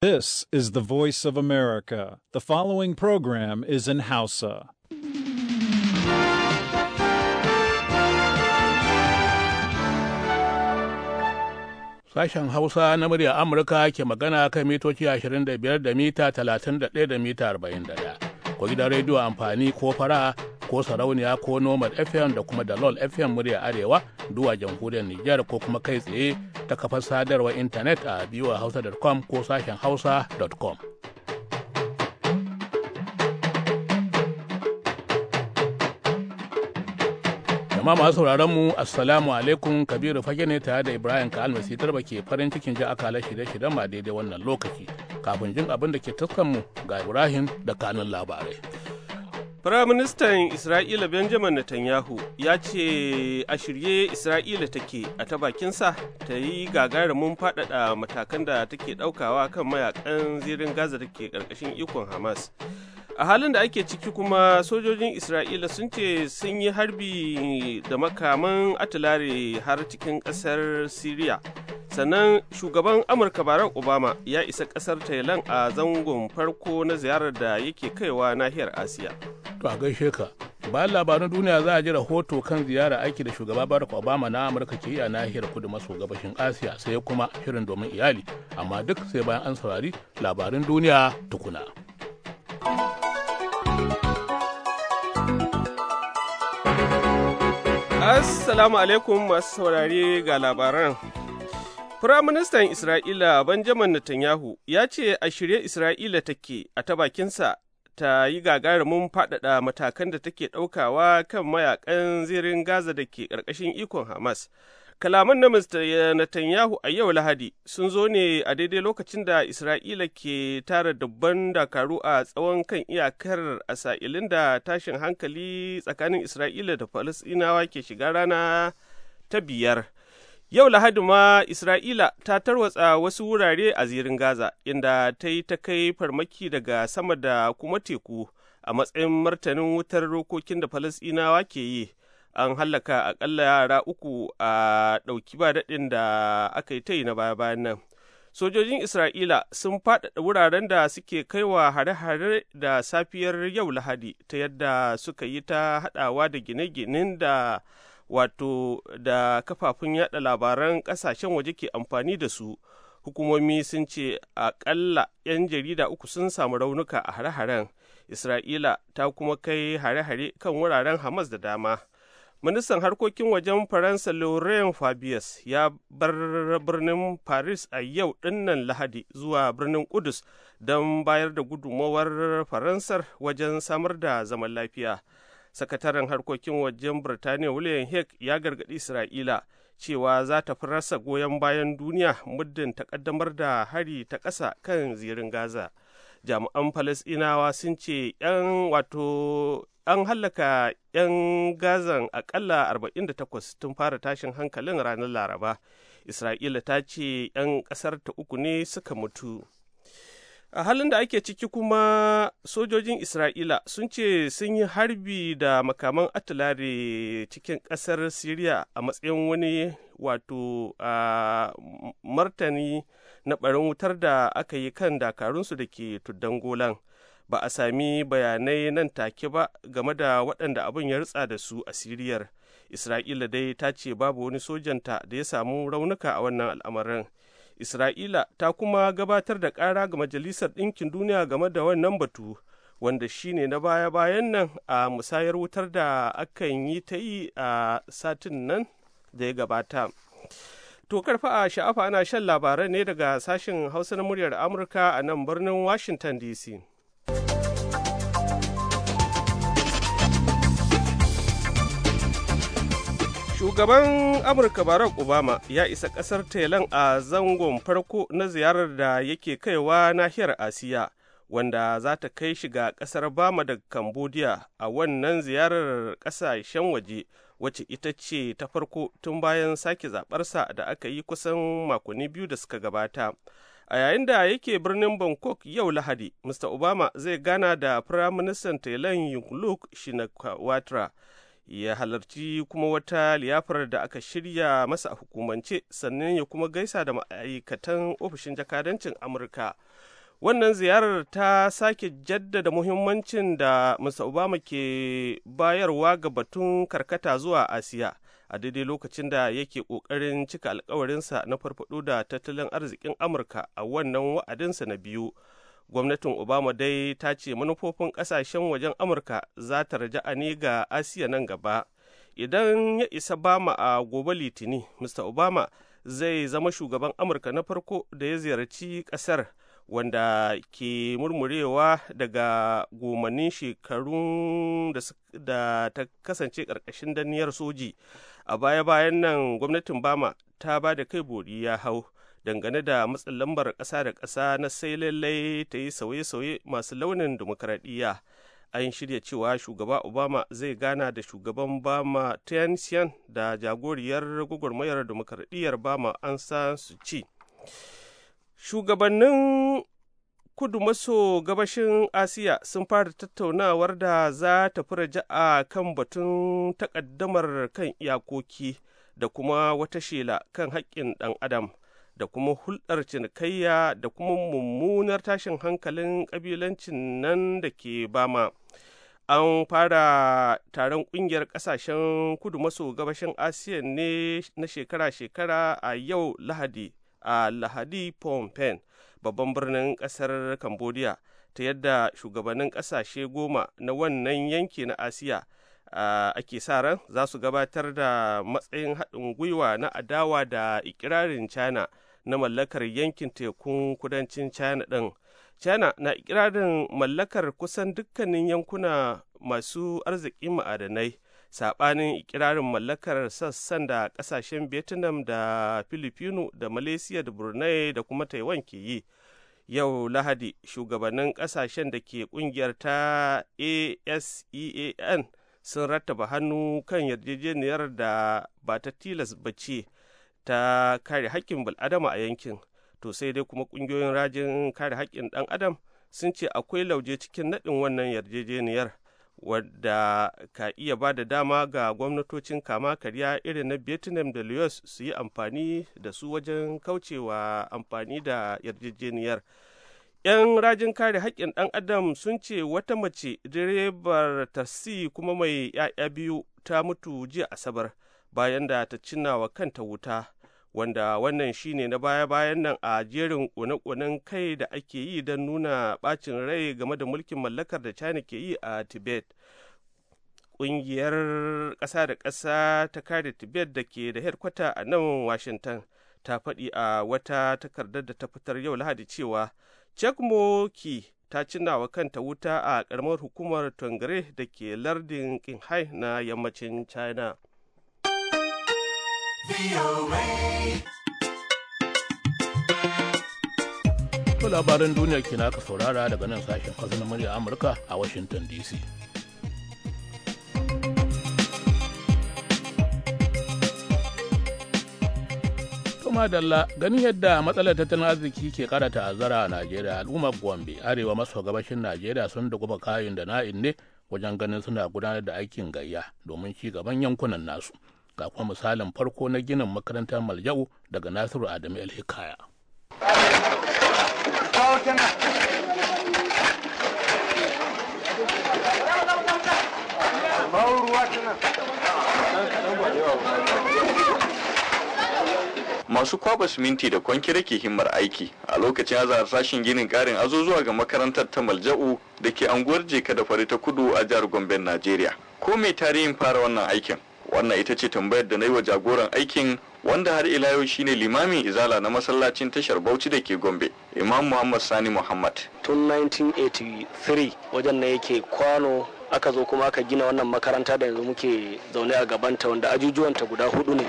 This is the voice of America. The following program is in Hausa. Sashen Hausa na murya Amurka ke magana kan mitoci 25 da mita 31 da mita 41. Ku gidan rediyo amfani ko fara ko sarauniya ko nomad fm da kuma dalol fm murya arewa duwa jamhuriyar nijar ko kuma kai tsaye ta kafar sadarwar intanet a hausa.com ko sashen hausa.com jama'a masu sauraron mu assalamu alaikum kabiru fage ne tare da ibrahim ka almasi tarba ke farin cikin ji akalar shirye-shiryen ma daidai wannan lokaci kafin jin abin da ke tuskan mu ga ibrahim da kanun labarai Firaministan Isra'ila Benjamin Netanyahu ya ce a shirye Isra'ila take a ta bakinsa ta yi gagarumin faɗaɗa matakan da take ɗaukawa kan mayakan zirin Gaza da ke ƙarƙashin ikon Hamas. A halin da ake ciki kuma sojojin Isra'ila sun ce sun yi harbi da makaman atilare har cikin ƙasar Siriya. sannan shugaban amurka barack obama ya isa ƙasar thailand a zangon farko na ziyarar da yake kaiwa nahiyar asiya To a gaishe ka. Bayan labaran duniya za a ji rahoto kan ziyara aiki da shugaba Barack Obama na Amurka ke yi a nahiyar kudu maso gabashin Asiya sai kuma shirin domin iyali. Amma duk sai bayan an saurari labarin duniya tukuna. Assalamu alaikum masu saurari ga labaran. Firaministan Isra'ila Benjamin Netanyahu ya ce a shirye Isra'ila take a ta bakinsa ta yi gagarumin faɗaɗa matakan da take ɗaukawa kan mayakan zirin Gaza da ke ƙarƙashin ikon Hamas. Kalaman na Mr. Netanyahu a yau Lahadi sun zo ne a daidai lokacin da Isra'ila ke tara dubban dakaru a tsawon kan iyakar asailin da tashin hankali tsakanin Isra'ila da Falasɗinawa ke shiga rana ta biyar. Yau Lahadi ma Isra'ila ta tarwatsa wasu wurare a zirin Gaza, inda ta yi ta kai farmaki daga sama da kuma teku a matsayin martanin wutar rokokin da Falasɗinawa ke yi. An hallaka aƙalla yara uku a ɗauki ba daɗin da aka yi ta yi na baya-bayan nan. Sojojin Isra'ila sun faɗaɗa wuraren da suke kaiwa hare-hare da safiyar yau Lahadi ta yadda suka yi ta haɗawa da gine-ginen da wato da kafafun yada labaran kasashen waje ke amfani da su hukumomi sun ce akalla 'yan jarida uku sun samu raunuka a hare-haren isra'ila ta kuma kai hare-hare kan wuraren hamas da dama ministan harkokin wajen faransa lorraine fabius ya bar birnin paris a yau dinnan lahadi zuwa birnin kudus don bayar da gudummawar faransar wajen samar da zaman lafiya sakataren harkokin wajen birtaniya william hague ya gargaɗi isra'ila cewa za ta fi rasa goyon bayan duniya muddin ta ƙaddamar da hari ta ƙasa kan zirin gaza jami'an falasɗinawa sun ce 'yan wato an hallaka 'yan gazan akalla 48 tun fara tashin hankalin ranar laraba isra'ila ta ce 'yan ƙasar ta uku ne suka mutu a halin da ake ciki kuma sojojin isra'ila sun ce sun yi harbi da makaman atulare cikin ƙasar syria a matsayin wani wato a martani na ɓarin wutar da aka yi kan dakarunsu da ke tuddan golan ba a sami bayanai nan take ba game da waɗanda abin ya rutsa da su a siriyar isra'ila dai ta ce babu wani sojanta da ya samu raunuka a wannan al'amarin Isra'ila ta kuma gabatar da ƙara ga Majalisar Ɗinkin Duniya game da wannan batu, wanda shi ne na baya-bayan nan a musayar wutar da akan yi ta yi a satin nan da ya gabata. To karfa a sha'afa ana shan labarai ne daga sashen Hausa na muryar Amurka a nan birnin Washington DC. Shugaban Amurka Barack Obama ya isa kasar Thailand a zangon farko na ziyarar da yake kaiwa nahiyar Asiya, wanda za ta kai shi ga ƙasar Bama da Cambodia a wannan ziyarar kasashen waje, wacce ita ce ta farko tun bayan sake zabarsa da aka yi kusan makonni biyu da suka gabata. A yayin da yake birnin Bangkok yau Lahadi, Mr. Obama zai gana da Firaministan Thailand Yingluck Shinawatra. ya halarci kuma wata liyafar da aka shirya masa a hukumance sannan ya kuma gaisa da ma'aikatan ofishin jakadancin amurka wannan ziyarar ta sake jaddada muhimmancin da mr obama ke bayarwa ga batun karkata zuwa asiya a daidai lokacin da yake kokarin cika alkawarinsa na farfado da tattalin arzikin amurka a wannan wa'adinsa na biyu gwamnatin obama dai ta ce manufofin kasashen wajen amurka za ta a ne ga asiya nan gaba idan ya isa bama a gobe litini mr obama zai zama shugaban amurka na farko da ya ziyarci kasar wanda ke murmurewa daga gomanin shekarun da ta kasance karkashin daniyar soji a baya-bayan nan gwamnatin bama ta ba da kai bori ya hau dangane da matsin lambar ƙasa da ƙasa na sai lallai ta yi sauye-sauye masu launin demokradiyya an shirya cewa shugaba obama zai gana da shugaban bama tianxian da jagoriyar gwagwarmayar demokradiyyar bama an san su ci shugabannin kudu maso gabashin asiya sun fara tattaunawar da za ta fi raja'a kan batun takaddamar kan iyakoki da kuma wata shela kan haƙƙin ɗan adam da kuma hulɗar cinikayya da kuma mummunar tashin hankalin ƙabilancin nan da ke bama an fara taron ƙungiyar ƙasashen kudu maso gabashin asiya ne na shekara-shekara a yau lahadi a lahadi phnom penh babban birnin ƙasar cambodia ta yadda shugabannin ƙasashe goma na wannan yanki na asiya a ake sa ran za su gabatar da matsayin haɗin gwiwa na adawa da ikirarin china na mallakar yankin tekun kudancin china ɗin china na ikirarin mallakar kusan dukkanin yankuna masu arzikin ma'adanai sabanin ikirarin mallakar sassan da kasashen vietnam da filipino da malaysia da brunei da kuma taiwan ke yi yau lahadi shugabannin kasashen da ke kungiyar ta asean sun rattaba hannu kan yarjejeniyar da ba ta tilas ba ce ta kare haƙƙin bil'adama a yankin to sai dai kuma ƙungiyoyin rajin kare haƙƙin ɗan adam sun ce akwai lauje cikin naɗin wannan yarjejeniyar wadda ka iya ba da dama ga gwamnatocin kama karya irin na vietnam da laos su yi amfani da su wajen kaucewa amfani da yarjejeniyar 'yan rajin kare haƙƙin ɗan adam sun ce wata mace direbar tasi kuma mai 'ya'ya biyu ta mutu jiya asabar bayan da ta cinna wa kanta wuta wanda wannan shine na baya-bayan nan a jerin ƙone kai da ake yi don nuna ɓacin rai game da mulkin mallakar da china ke yi a tibet ƙungiyar ƙasa da ƙasa ta kare tibet da ke da herkwata a nan washington ta faɗi a wata takardar da ta fitar yau lahadi cewa cekmoki ta cinawa kanta wuta a ƙaramar hukumar tongare da ke lardin qinghai na yammacin china To labaran duniya ke naka saurara daga nan sashen na murya Amurka a Washington DC. madalla ganin yadda matsalar tattalin arziki ke kara ta'azzara a Najeriya al'ummar Gombe arewa maso gabashin Najeriya sun duguba kayan da na'in ne wajen ganin suna gudanar da aikin gayya domin ci gaban yankunan nasu. ga kuma misalin farko na ginin makarantar maljau daga nasiru adamu el hikaya masu kwaba siminti da kwankire ke himmar aiki a lokacin azahar sashen ginin karin azuzuwa ga makarantar ta malja'u da ke anguwar jeka da fari ta kudu a jihar Gomben najeriya ko mai tarihin fara wannan aikin wannan ita ce tambayar da na yi wa jagoran aikin wanda har ila yau shine limamin izala na masallacin tashar bauchi da ke gombe imam muhammad sani muhammad tun 1983 wajen na yake kwano aka zo kuma aka gina wannan makaranta da yanzu muke zaune a gabanta wanda ajujuwan ta guda hudu ne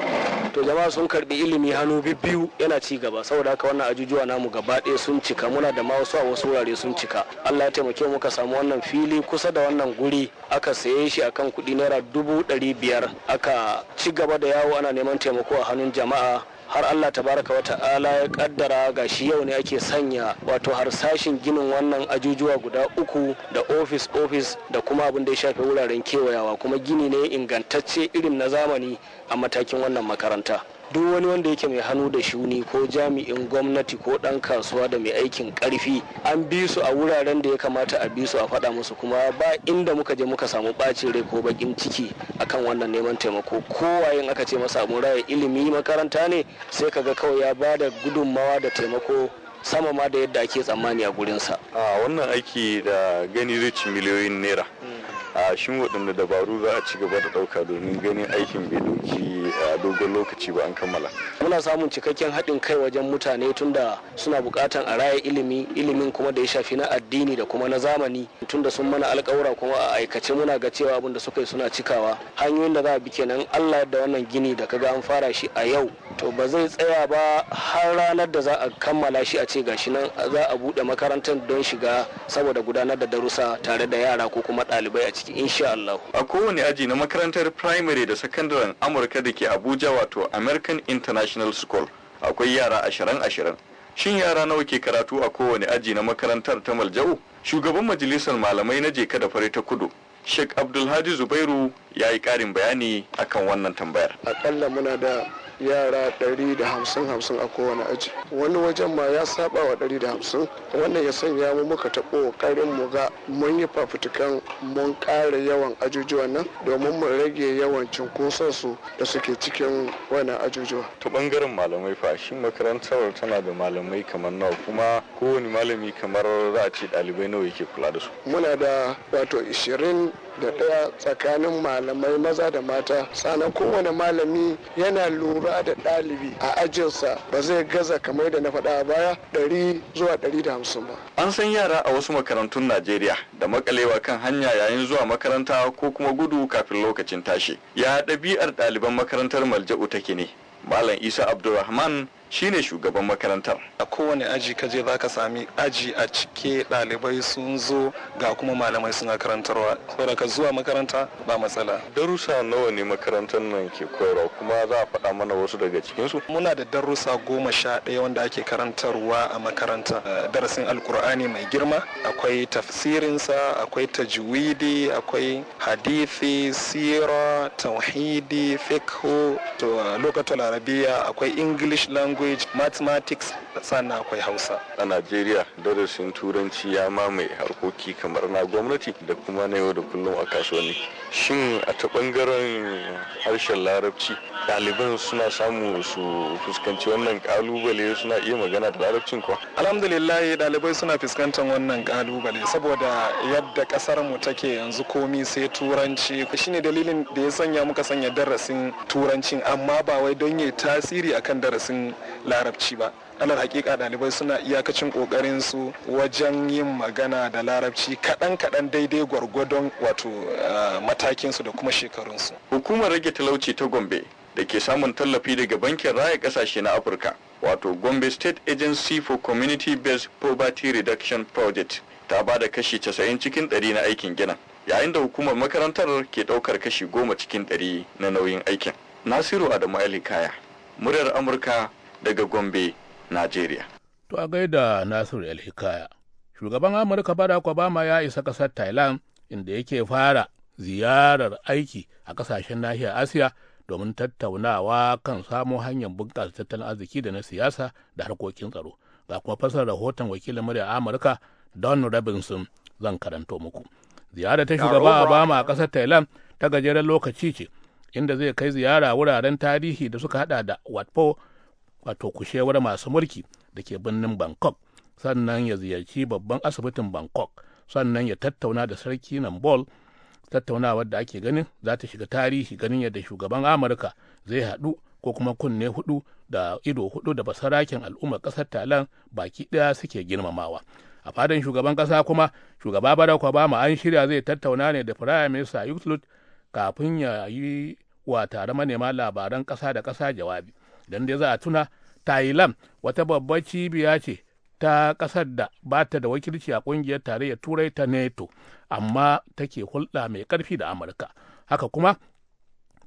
to jama'a sun karbi ilimi hannu biyu yana ci gaba saboda haka wannan ajujuwa namu gaba ɗaya sun cika muna da ma wasu a wasu wurare sun cika allah ya taimake mu ka samu wannan fili kusa da wannan guri aka saye shi akan kuɗi naira dubu ɗari biyar aka ci gaba da yawo ana neman taimako a hannun jama'a har Allah tabaraka wa ta'ala ya kaddara ga shi yau ne ake sanya wato harsashin ginin wannan ajujuwa guda uku da ofis ofis da kuma abin da ya shafi wuraren kewayawa kuma gini ne ingantacce irin na zamani a matakin wannan makaranta duk wani wanda yake mai hannu da shuni ko jami'in gwamnati ko ɗan kasuwa da mai aikin ƙarfi an bi su a wuraren da ya kamata a bi su a faɗa musu kuma ba inda muka je muka samu ɓacin rai ko bakin ciki akan wannan neman taimako kowayen aka ce masa abun raya ilimi makaranta ne sai kaga kawai ya ba da gudunmawa da taimako sama ma da yadda ake tsammani a gurinsa. a wannan aiki da gani zai ci miliyoyin naira a shin waɗanda dabaru za a ci gaba da ɗauka domin ganin aikin bai ɗauki a dogon lokaci ba an kammala muna samun cikakken haɗin kai wajen mutane tunda suna buƙatan a raya ilimi ilimin kuma da ya shafi na addini da kuma na zamani tunda sun mana alƙawura kuma a aikace muna ga cewa abin da suka yi suna cikawa hanyoyin da za a bi kenan allah da wannan gini da kaga an fara shi a yau to ba zai tsaya ba har ranar da za a kammala shi a ce gashi nan za a buɗe makarantar don shiga saboda gudanar da darussa tare da yara ko kuma ɗalibai a ciki insha Allah. A kowane aji na makarantar primary da sakandaren Amurka da ke Abuja wato American International School akwai yara ashirin ashirin. Shin yara nawa ke karatu a kowane aji na makarantar ta Maljau? Shugaban majalisar malamai na jeka da fari ta kudu. Sheikh abdulhaji Zubairu ya yi ƙarin bayani akan wannan tambayar. Akalla muna da yara 150 hamsin a kowane aji wani wajen ma ya saba wa 150 wannan ya sanya mu muka taɓo ƙarin mu ga mun yi fafutukan mun ƙara yawan ajujuwa nan domin mu rage yawan cinkoson su da suke cikin wannan ajujuwa. ta bangaren malamai fa shi makarantar tana da malamai kamar nawa kuma kowane malami kamar za a ce ɗalibai nawa yake kula da su. muna da wato da ɗaya tsakanin malamai maza da mata sannan kowane malami yana lura da ɗalibi a ajinsa ba zai gaza kamar da na faɗa a baya ɗari zuwa ɗari da hamsin ba. An san yara a wasu makarantun Najeriya da makalewa kan hanya yayin zuwa makaranta ko kuma gudu kafin lokacin tashi. Ya ɗabi'ar ɗaliban makarantar Malja'u take ne. Malam Isa Abdulrahman shine shugaban makarantar a kowane aji ka je zaka sami aji a cike ɗalibai sun zo ga kuma malamai suna karantarwa saboda ka zuwa makaranta ba matsala darussa nawa ne makarantar nan ke koyarwa kuma za a faɗa mana wasu daga cikinsu muna da darussa goma sha ɗaya wanda ake karantarwa a makaranta eh, darasin alkur'ani mai girma akwai tafsirinsa akwai tajwidi akwai hadithi sira tauhidi fiqh to lokacin arabiya akwai english language language mathematics sannan akwai hausa a najeriya darasin turanci ya mamaye harkoki kamar na gwamnati da kuma na yau da kullum a kasuwanni shin a ta bangaren harshen larabci ɗaliban suna samu su fuskanci wannan kalubale suna iya magana da larabcin kuwa alhamdulillah ɗalibai suna fuskantar wannan kalubale saboda yadda ƙasar mu take yanzu komi sai turanci shine dalilin da ya sanya muka sanya darasin turancin amma ba wai don ya tasiri akan darasin larabci ba alal hakika ɗalibai suna iyakacin kokarin su wajen yin magana da larabci kaɗan kaɗan daidai gwargwadon wato eh, matakin su da kuma shekarun su hukumar rage talauci ta gombe da ke samun tallafi daga bankin raya kasashe na afirka wato gombe state agency for community based poverty reduction project ta ba da kashi 90 cikin 100 na aikin ginin yayin da hukumar makarantar ke ɗaukar kashi 10 cikin 100 na nauyin aikin nasiru adamu kaya muryar amurka daga Gombe, Najeriya. To a gaida Nasiru El-Hikaya. Shugaban Amurka Barack Obama ya isa ƙasar Thailand inda yake fara ziyarar aiki a ƙasashen nahiyar Asiya domin tattaunawa kan samo hanyar bunƙasa tattalin arziki da na siyasa da harkokin tsaro. Ga kuma fasar rahoton wakilin murya Amurka Don Robinson zan karanto muku. ziyara ta shugaba Obama a ƙasar Thailand ta gajeren lokaci ce inda zai kai ziyara wuraren tarihi da suka hada da Wat Po wato kushewar masu mulki da ke birnin bangkok sannan ya ziyarci babban asibitin bangkok sannan ya tattauna da sarki nambol tattaunawar da ake ganin za ta shiga tarihi ganin yadda shugaban amurka zai haɗu ko kuma kunne hudu da ido hudu da basarakin al'ummar ƙasar talan baki ɗaya suke girmamawa a fadin shugaban ƙasa kuma shugaba barack obama an shirya zai tattauna ne da minister minista kafin ya yi wa tare manema labaran ƙasa da ƙasa jawabi dan dai za a tuna thailand wata babbar cibiya ce ta kasar da ba ta da wakilci a ƙungiyar tarayyar turai ta neto amma take hulɗa mai ƙarfi da amurka haka kuma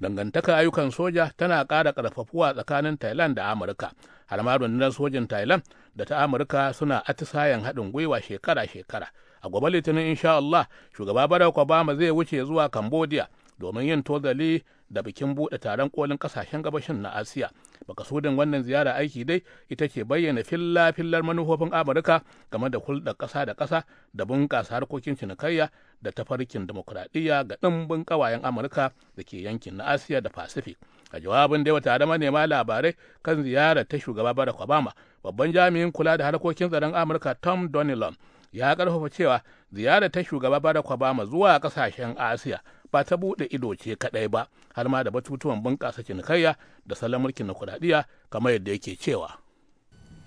dangantaka ayyukan soja tana ƙara ƙarfafuwa tsakanin thailand da amurka har ma rundunar sojin thailand da ta amurka suna atisayen haɗin gwiwa shekara-shekara a gobe litinin insha allah shugaba barack obama zai wuce zuwa cambodia domin yin tozali da bikin buɗe taron kolin ƙasashen gabashin na asiya makasudin wannan ziyara aiki dai ita ce bayyana filla fillar manufofin amurka game da hulɗar ƙasa da ƙasa da bunƙasa harkokin cinikayya da tafarkin demokuraɗiyya ga ɗimbin ƙawayen amurka da ke yankin na asiya da pacific a jawabin da yawa tare manema labarai kan ziyara ta shugaba barack obama babban jami'in kula da harkokin tsaron amurka tom donilon ya karfafa cewa ziyara ta shugaba barack obama zuwa ƙasashen asiya ba ta buɗe ido ce kaɗai ba har ma da batutuwan bunƙasa cinikayya da salon mulkin na kuɗaɗiya kamar yadda yake cewa.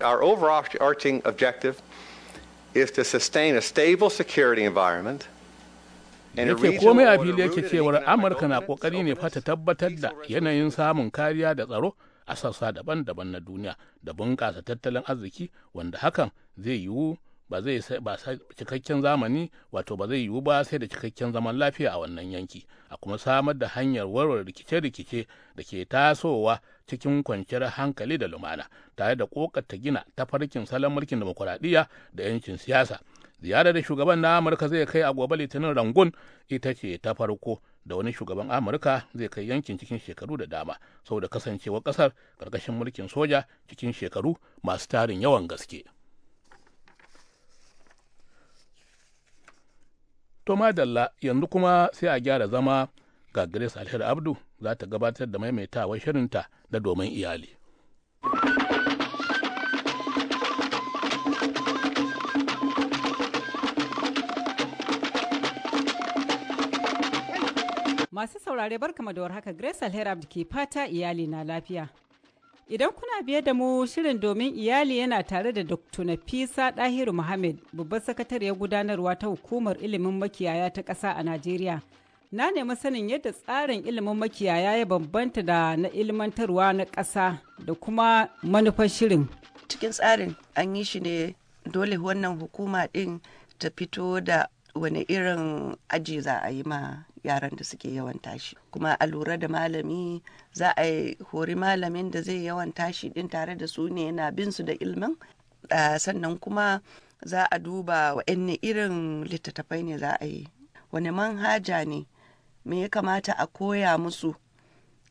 Our overarching objective is to sustain a stable security environment yake komai a fili yake cewar amurka na kokari ne fata tabbatar da yanayin samun kariya da tsaro a sassa daban-daban na duniya da bunƙasa tattalin arziki wanda hakan zai yiwu ba zai cikakken zamani wato ba zai yiwu ba sai da cikakken zaman lafiya a wannan yanki a kuma samar da hanyar warware rikice-rikice da ke tasowa cikin kwanciyar hankali da lumana tare da kokata gina tafarkin salon mulkin demokuraɗiyya da 'yancin siyasa ziyarar da shugaban na amurka zai kai a gobe litinin rangun ita ce ta farko da wani shugaban amurka zai kai yankin cikin shekaru da dama saboda kasancewar kasar karkashin mulkin soja cikin shekaru masu tarin yawan gaske To madalla yanzu kuma sai a gyara zama ga Grace Alher Abdu za ta gabatar da maimaitawar shirinta da domin iyali. Masu saurare barkama da haka Grace Alher Abdu ke fata iyali na lafiya. Idan kuna biye da mu shirin domin iyali yana tare da Dr. Nafisa Dahiru Muhammad, babbar sakatariyar gudanarwa ta hukumar ilimin makiyaya ta ƙasa a Najeriya. Na nemi sanin yadda tsarin ilimin makiyaya ya bambanta da na ilmantarwa na ƙasa da kuma manufar shirin. Cikin tsarin an yi shi ne dole wannan hukuma ɗin ta fito da wani irin aji za a yi ma yaran da suke yawan tashi kuma a lura da malami za a hori malamin da zai yawan tashi din tare da su ne yana bin su da ilmin sannan kuma za a duba wa'anne irin littattafai ne za a yi wani manhaja ne me ya kamata a koya musu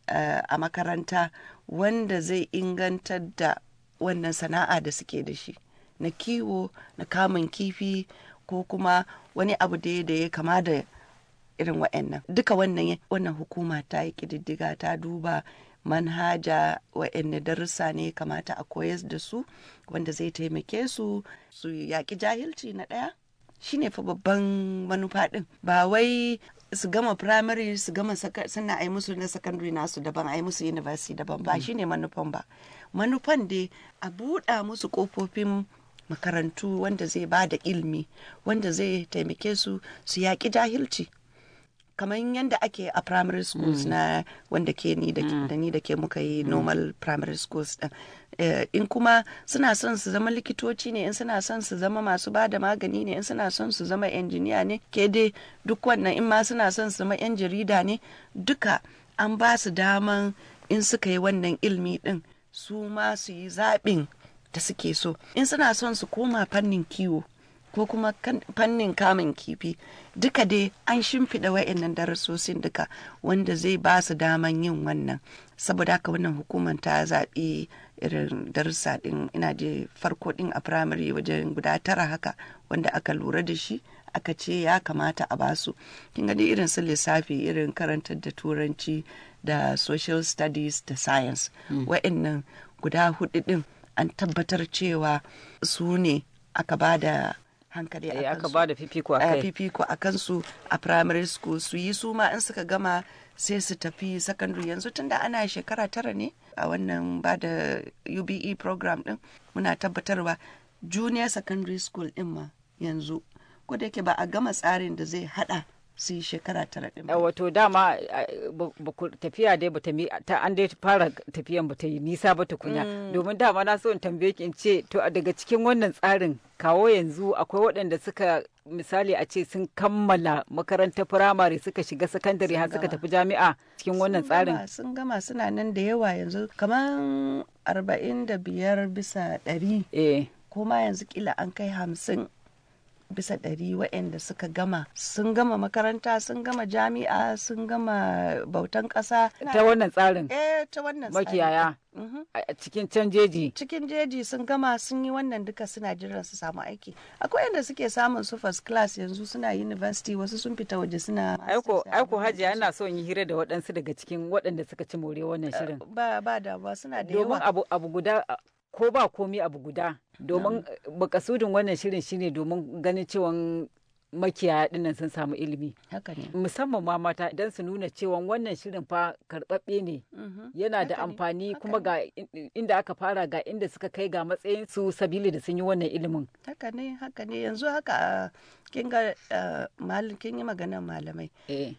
a makaranta wanda zai ingantar da wannan sana'a da suke da shi na kiwo na kamun kifi ko kuma wani abu da ya kama da irin wa'annan duka wannan wannan hukuma ta yi kididdiga ta duba manhaja wa'anne darussa ne kamata a koyar da su wanda zai taimake su su yaƙi jahilci na ɗaya Shi ne fa babban manufa ɗin ba wai su gama primary su gama sannan a musu na secondary nasu daban a musu university daban ba mm. shi ne manufan ba manufan dai a buɗa musu ƙofofin makarantu wanda zai ba da ilmi wanda zai taimake su su yaƙi jahilci kamar yadda ake a primary schools mm. na wanda ke ni mm. da ni da ke muka yi mm. normal primary schools din eh, in kuma suna son su zama likitoci ne in suna son su zama masu ba da magani ne in suna son su zama injiniya ne ke dai duk wannan in ma suna son su zama yan jarida ne duka an ba su daman in suka yi wannan ilmi din su ma su yi zaɓin da suke so in suna son su koma fannin kiwo ko kuma fannin kamun kifi duka dai an shimfiɗa wa'annan darasosin duka wanda zai ba su daman yin wannan saboda haka wannan hukumar ta zaɓi irin darussa ɗin ina da farko ɗin a firamare wajen guda tara haka wanda aka lura da shi aka ce ya kamata a basu kin gani irin su lissafi irin karanta da turanci da social studies da science mm. wa'annan guda hudu ɗin an tabbatar cewa su ne aka ba da hankali a eh, kansu. aka ba da fifiko a eh, kai. Fifiko a kansu a primary school su yi su ma in suka gama sai su tafi secondary yanzu tunda ana shekara tara ne a wannan ba da UBE program din muna tabbatarwa junior secondary school din ma yanzu ko da yake ba a gama tsarin da zai hada su yi shekara tara ɗin wato dama tafiya dai bata mi ta an dai fara tafiyan bata yi nisa ba kunya. Mm. domin dama na so in tambaye ki in ce to daga cikin wannan tsarin kawo yanzu akwai waɗanda suka misali a ce sun kammala makarantar firamare suka shiga sakandare har suka tafi jami'a cikin wannan tsarin sun gama suna nan da yawa yanzu kamar arba'in da biyar bisa ɗari eh. ko ma yanzu kila an kai hamsin bisa ɗari waɗanda suka gama sun gama makaranta sun gama jami'a sun gama bautan ƙasa ta wannan tsarin eh ta wannan tsarin makiyaya mm-hmm. a cikin can jeji cikin jeji sun gama sun yi wannan duka suna jiran su samu aiki akwai yadda suke samun su first class yanzu suna university wasu sun fita waje suna aiko aiko hajiya ana son yi hira da waɗansu daga cikin waɗanda suka ci more wannan eh, shirin ba ba da ba suna da yawa domin abu guda ko ba komi abu guda domin bakasudin wannan shirin shine domin ganin cewa makiyaya dinnan sun samu ilimi musamman ma mata don su nuna cewa wannan shirin fa karɓaɓɓe ne mm-hmm. yana da amfani kuma ga inda aka fara ga inda suka kai ga matsayin su sabili da sun yi wannan ilimin haka ne haka ne yanzu haka kin ga kin yi maganar malamai eh.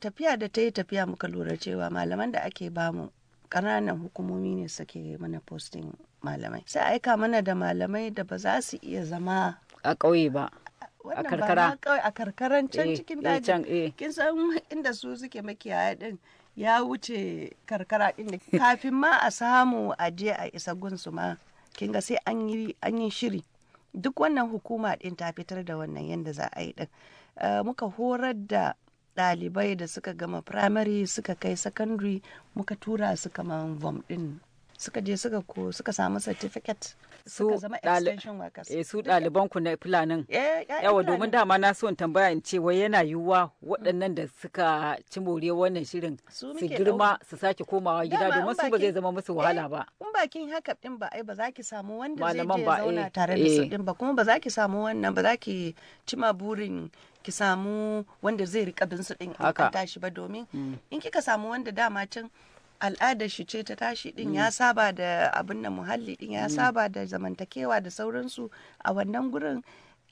tafiya da ta yi tafiya muka lura cewa malaman da ake bamu ƙananan hukumomi ne suke mana postin malamai sai aika mana da malamai da ba za su iya zama a ƙauye ba a karkara a karkaran can eh, cikin eh, daji eh. kin san inda su suke makiyaya din ya wuce karkara din kafin ma a samu a je a isa gunsu ma kin ga sai an yi an yi shiri duk wannan hukuma din ta fitar da wannan yadda za a yi din muka horar da ɗalibai da suka gama primary suka kai secondary muka tura su kaman vom din suka je suka ko suka samu certificate su zama extension workers eh su ɗaliban ku na planning eh, yawa domin dama na so in tambaya in ce wai yana yuwa waɗannan da suka ci more wannan shirin su girma su sake komawa gida domin su ba zai zama musu wahala ba eh, in bakin haka din ba ai ba za ki samu wanda zai je zauna eh, tare da su din ba kuma ba za ki samu wannan ba za ki cima burin ki samu wanda zai rika bin su din in tashi ba domin mm. in kika samu wanda dama can al'adar shi ce ta tashi din ya mm. saba da abin da muhalli din ya mm. saba da zamantakewa da sauransu a wannan gurin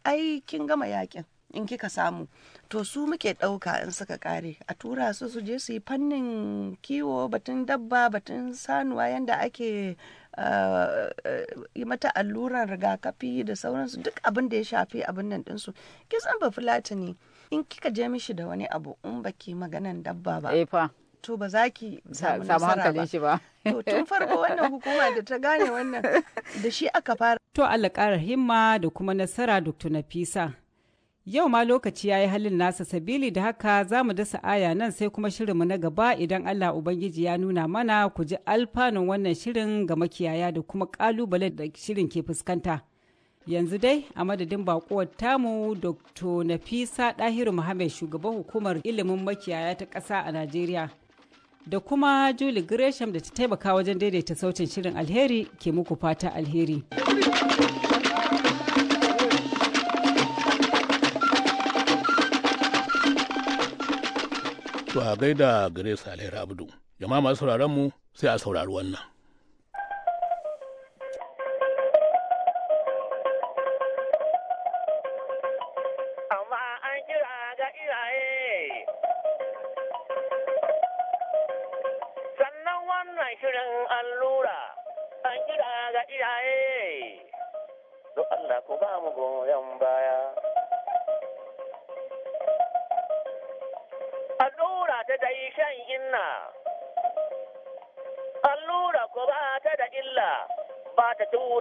ai kin gama yakin in kika samu to su muke ɗauka in suka kare a tura su su je su yi fannin kiwo batun dabba batun sanuwa yadda ake ah, yi mata alluran rigakafi da sauransu duk abin da ya shafi abin nan ɗinsu kisan ba ne in kika je mishi da wani abu in baki maganan dabba ba eh to ba za ki samu hankalin shi ba. To tun farko wannan hukuma da ta gane wannan da shi aka fara. To Allah ƙara himma da kuma nasara Dr. Nafisa. Yau ma lokaci ya yi halin nasa sabili da haka za mu dasa aya nan sai kuma shirinmu na gaba idan Allah Ubangiji ya nuna mana ku ji alfanun wannan shirin ga makiyaya da kuma kalubalen da shirin ke fuskanta. Yanzu dai a madadin baƙuwar tamu Dr. Nafisa Dahiru Muhammad shugaban hukumar ilimin makiyaya ta ƙasa a Najeriya. Da kuma Julie Gresham da ta taimaka wajen daidaita sautin shirin alheri ke muku fata alheri. to a gaida gare Alheri Abdu. Jama'a masu sauraron mu sai a saurari wannan.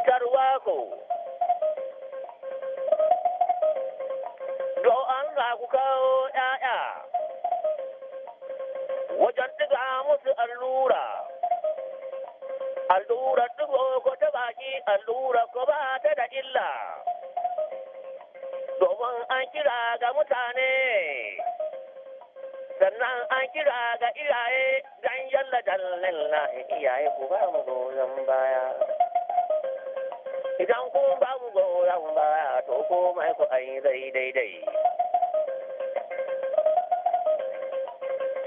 cutar wako don an raku kawo ‘ya'ya wajen ɗiga musu allura allura ɗigo ko ta baki allura ko ba ta da illa domin an kira ga mutane sannan an kira ga iyaye don yalla dallin na iyaye ku ba goyon baya idan ku babu ba mu ba to komai ku an yi zai daidai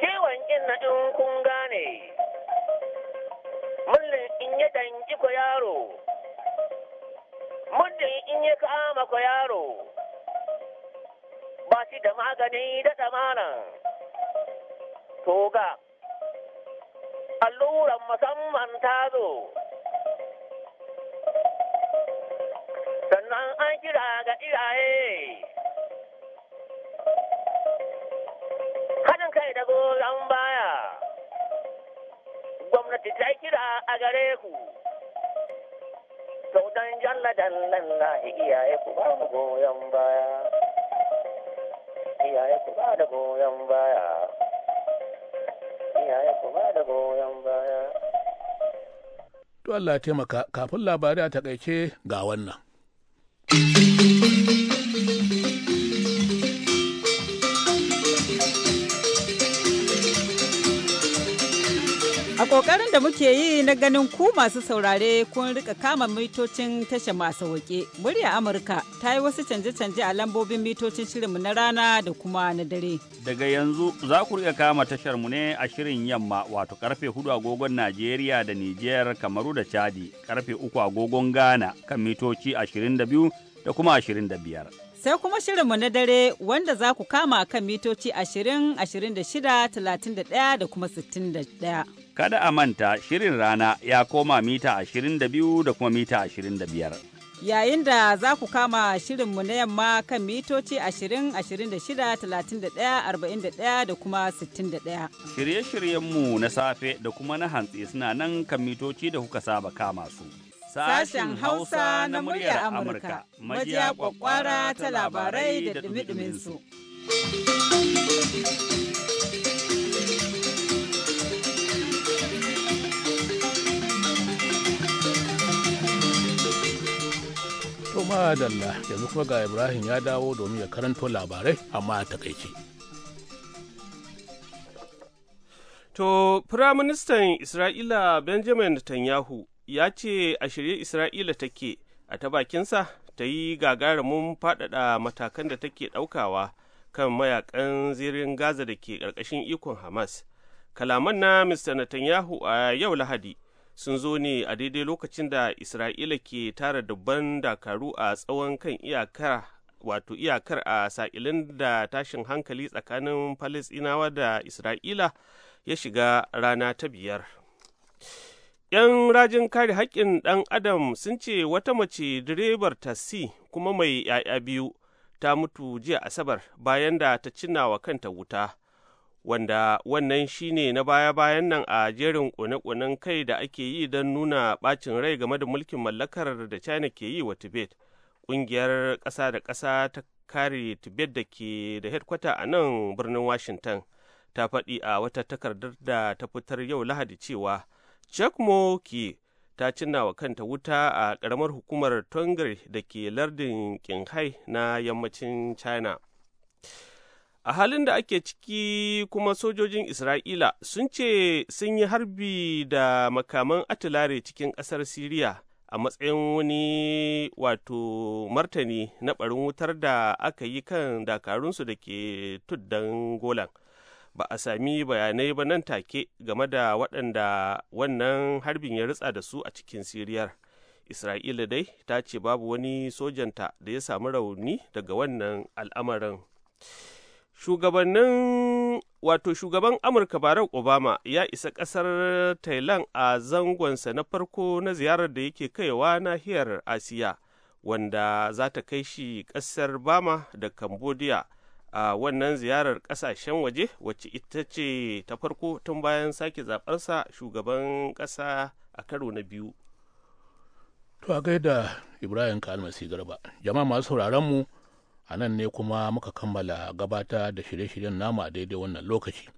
ciwon kin na in kun gane mullin in ya danki ku yaro muddin in ya kama ku yaro ba shi da magani da tsamanan to ga alluran musamman ta zo sannan an kira ga iyaye. Haɗin kai da goyon baya, gwamnati ta kira a gare ku. Sau don jalladan nan na iyaye ku ba mu goyon baya. Iyaye ku ba da goyon baya. Iyaye ku ba da goyon baya. To Allah ya taimaka kafin labari a takaice ga wannan. ƙoƙarin da muke yi na ganin ku masu saurare kun rika kama mitocin tashar masu wake. Murya Amurka ta yi wasu canje-canje a lambobin mitocin shirinmu na rana da kuma na dare. Daga yanzu za ku rika kama tashar mu ne a shirin yamma wato karfe hudu agogon Najeriya da Nijiyar Kamaru da Chadi, karfe uku agogon Ghana kan mitoci 22 da kuma 25. Sai kuma shirinmu na dare wanda za ku kama kan mitoci 20, 26, 31 da kuma 61. Kada a manta shirin rana ya koma mita 22 da kuma mita 25. Yayin da za ku kama shirinmu na yamma kan mitoci 20, 26, 31, 41 da kuma 61. Shirye-shiryenmu na safe da kuma na hantsi suna nan kan mitoci da kuka saba kama su. Sashen Hausa na muryar Amurka, majiya kwakwara ta labarai da dumi su. Toma Dalla yanzu kuma ga Ibrahim ya dawo domin ya karanto labarai amma takaici. To, Firaministan Isra'ila Benjamin Netanyahu ya ce a shirye Isra'ila take a ta bakinsa ta yi gagarumin faɗaɗa matakan da take ɗaukawa kan mayakan zirin Gaza da ke ƙarƙashin ikon Hamas. Kalaman na Mr. Netanyahu a yau Lahadi sun zo ne a daidai lokacin da Isra'ila ke tara dubban dakaru a tsawon kan iyakar wato iyakar a sa'ilin da tashin hankali tsakanin Falasɗinawa da Isra'ila ya shiga rana ta biyar. ‘Yan rajin kare haƙƙin ɗan Adam sun ce wata mace direbar tasi kuma mai ‘ya'ya biyu ta mutu jiya Asabar bayan da ta cina wa kanta wuta, wanda wannan shi ne na baya-bayan nan a jerin ƙone-ƙonen kai da ake yi don nuna ɓacin rai game da mulkin mallakar da China ke yi wa Tibet. Ƙungiyar ƙasa da ƙasa ta kare Tibet da ke da hedkwata a nan birnin Washington ta faɗi a wata takardar da ta fitar yau Lahadi cewa. Jacmo Key ta cinna wa kanta wuta a ƙaramar hukumar Tongar da ke lardin Qinghai na yammacin China. A halin da ake ciki kuma sojojin Isra'ila sun ce sun yi harbi da makaman atilare cikin ƙasar Siriya a matsayin wani wato martani na ɓarin wutar da aka yi kan dakarunsu da ke tuddan Golan. ba a sami bayanai ba nan take game da waɗanda wannan harbin ya ritsa da su a cikin siriyar isra'ila dai ta ce babu wani sojanta da ya samu rauni daga wannan al'amarin shugabannin wato shugaban amurka barack obama ya isa ƙasar thailand a zangonsa na farko na ziyarar da yake kaiwa nahiyar asiya wanda za ta kai shi ƙasar bama da cambodia a wannan ziyarar kasashen waje wacce ita ce ta farko tun bayan sake zaɓarsa shugaban ƙasa a karo na biyu to a gaida ibrahim kalmasi garba jama'a masu sauraron mu a nan ne kuma muka kammala gabata da shirye-shiryen nama daidai wannan lokaci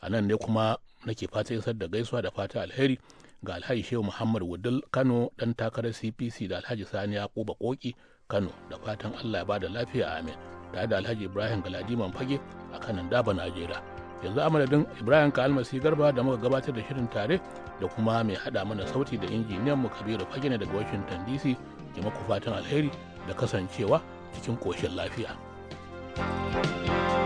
a nan ne kuma nake fata isar da gaisuwa da fata alheri ga alhaji shehu muhammad wudul kano dan takarar cpc da alhaji sani yakuba koki kano da fatan allah ya bada lafiya amin tare da alhaji ibrahim galadiman fage a kanin daba najeriya yanzu amadadin ibrahim ka almasi garba da muka gabatar da shirin tare da kuma mai hada mana sauti da injiniyan mu kabiru fage ne daga washington dc ke maku fatan alheri da kasancewa cikin koshin lafiya thank you